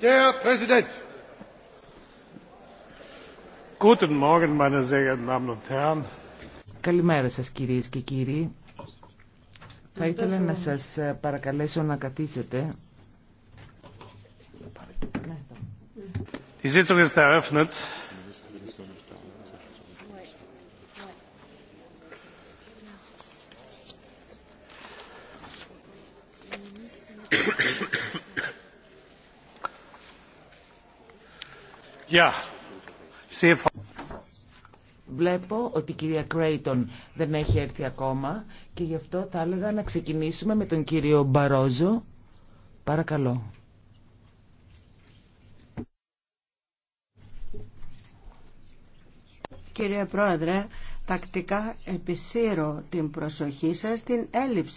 Herr Präsident! Guten Morgen, meine sehr geehrten Damen und Herren. Καλημέρα σας κυρίες και κύριοι. Θα ήθελα να σας παρακαλέσω να καθίσετε. Die Sitzung ist eröffnet. Βλέπω ότι η κυρία Κρέιτον δεν έχει έρθει ακόμα και γι' αυτό θα έλεγα να ξεκινήσουμε με τον κύριο Μπαρόζο. Παρακαλώ. Κύριε Πρόεδρε, τακτικά επισύρω την προσοχή σας στην έλλειψη